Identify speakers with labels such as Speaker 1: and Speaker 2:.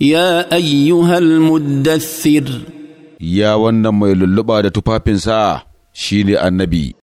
Speaker 1: يا أيها المدثر يا ونم يللبا دتفافنسا شيني النبي